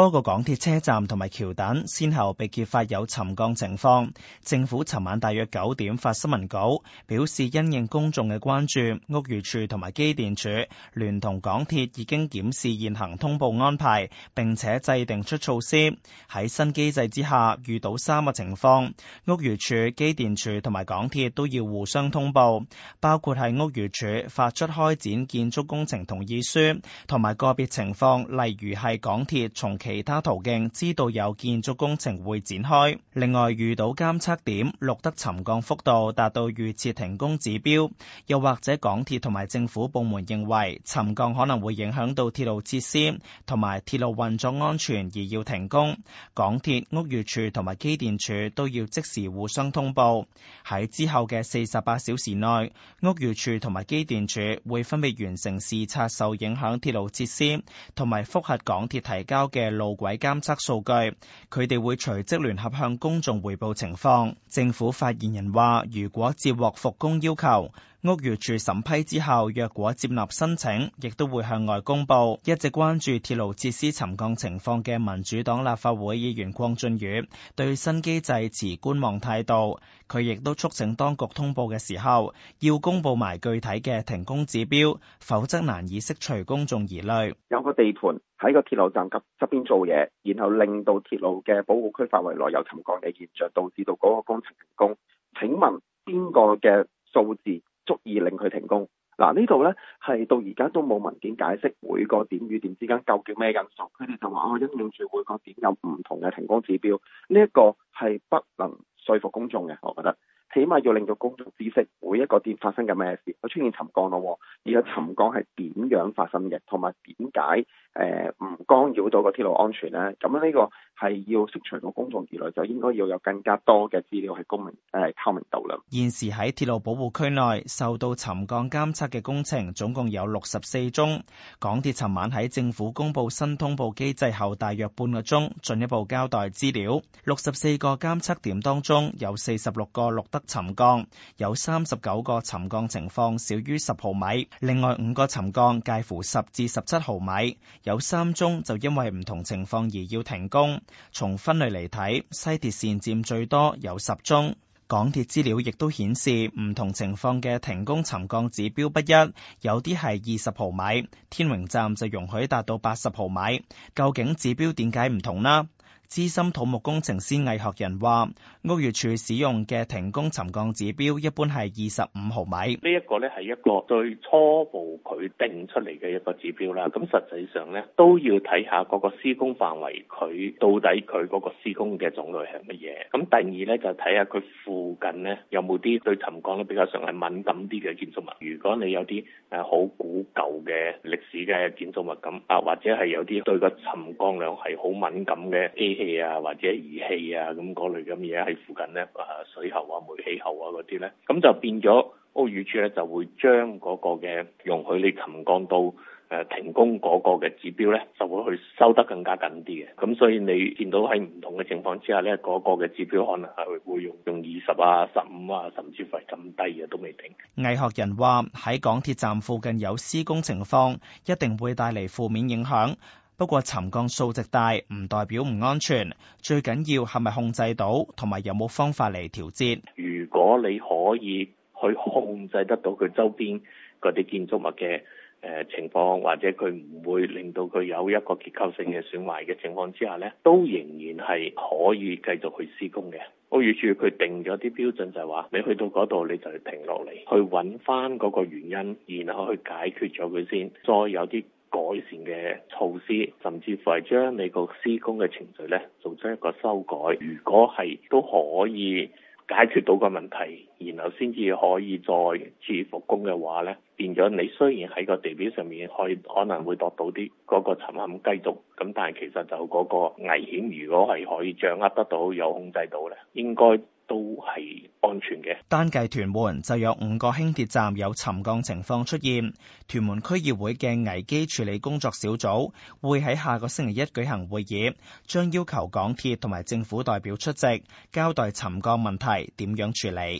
多個港鐵車站同埋橋等先後被揭發有沉降情況，政府尋晚大約九點發新聞稿，表示因應公眾嘅關注，屋宇署同埋機電署聯同港鐵已經檢視現行通報安排，並且制定出措施。喺新機制之下，遇到三個情況，屋宇署、機電署同埋港鐵都要互相通報，包括喺屋宇署發出開展建築工程同意書，同埋個別情況，例如係港鐵從其其他途徑知道有建築工程會展開，另外遇到監測點錄得沉降幅度達到預設停工指標，又或者港鐵同埋政府部門認為沉降可能會影響到鐵路設施同埋鐵路運作安全而要停工，港鐵、屋宇署同埋機電署都要即時互相通報。喺之後嘅四十八小時內，屋宇署同埋機電署會分別完成視察受影響鐵路設施同埋複核港鐵提交嘅路軌監測數據，佢哋會隨即聯合向公眾匯報情況。政府發言人話，如果接獲復工要求。屋宇署審批之後，若果接納申請，亦都會向外公布。一直關注鐵路設施沉降情況嘅民主黨立法會議員鄺俊宇對新機制持觀望態度。佢亦都促請當局通報嘅時候，要公布埋具體嘅停工指標，否則難以釋除公眾疑慮。有個地盤喺個鐵路站及側邊做嘢，然後令到鐵路嘅保護區範圍內有沉降嘅現象，導致到嗰個工程停工。請問邊個嘅數字？足以令佢停工。嗱，啊，呢度呢係到而家都冇文件解釋每個點與點之間究竟咩因素。佢哋就話：哦「我因應住每個點有唔同嘅停工指標。」呢一個係不能說服公眾嘅，我覺得。起碼要令到公眾知識每一個店發生嘅咩事，佢出現沉降咯，而個沉降係點樣發生嘅，同埋點解誒唔干擾到個鐵路安全呢？咁呢個係要釋除個公眾疑慮，就應該要有更加多嘅資料係公明誒透明度啦。現時喺鐵路保護區內受到沉降監測嘅工程總共有六十四宗。港鐵尋晚喺政府公布新通報機制後，大約半個鐘進一步交代資料。六十四個監測點當中有四十六個錄得。沉降有三十九個沉降情況少於十毫米，另外五個沉降介乎十至十七毫米，有三宗就因為唔同情況而要停工。從分類嚟睇，西鐵綫佔最多，有十宗。港鐵資料亦都顯示，唔同情況嘅停工沉降指標不一，有啲係二十毫米，天榮站就容許達到八十毫米。究竟指標點解唔同呢？資深土木工程師魏學仁話：，屋宇署使用嘅停工沉降指標一般係二十五毫米。呢一個咧係一個最初步佢定出嚟嘅一個指標啦。咁實際上咧都要睇下嗰個施工範圍，佢到底佢嗰個施工嘅種類係乜嘢。咁第二咧就睇下佢附近咧有冇啲對沉降咧比較上係敏感啲嘅建築物。如果你有啲誒好古舊嘅歷史嘅建築物咁啊，或者係有啲對個沉降量係好敏感嘅。機器啊，或者儀器啊，咁嗰類咁嘢喺附近呢，啊水喉啊、煤氣喉啊嗰啲呢，咁就變咗屋宇署呢就會將嗰個嘅容許你沉降到誒停工嗰個嘅指標呢，就會去收得更加緊啲嘅。咁所以你見到喺唔同嘅情況之下呢，嗰個嘅指標可能係會用用二十啊、十五啊，甚至乎係咁低嘅都未定。魏學人話：喺港鐵站附近有施工情況，一定會帶嚟負面影響。不過沉降數值大唔代表唔安全，最緊要係咪控制到，同埋有冇方法嚟調節。如果你可以去控制得到佢周邊嗰啲建築物嘅誒情況，或者佢唔會令到佢有一個結構性嘅損壞嘅情況之下呢，都仍然係可以繼續去施工嘅。我預住佢定咗啲標準就係話，你去到嗰度你就要停落嚟，去揾翻嗰個原因，然後去解決咗佢先，再有啲。改善嘅措施，甚至乎係將你個施工嘅程序咧，做出一個修改。如果係都可以解決到個問題，然後先至可以再次復工嘅話咧，變咗你雖然喺個地表上面可以可能會得到啲嗰個沉陷繼續，咁但係其實就嗰個危險，如果係可以掌握得到、有控制到咧，應該。都係安全嘅。單計屯門就有五個輕鐵站有沉降情況出現。屯門區議會嘅危機處理工作小組會喺下個星期一舉行會議，將要求港鐵同埋政府代表出席，交代沉降問題點樣處理。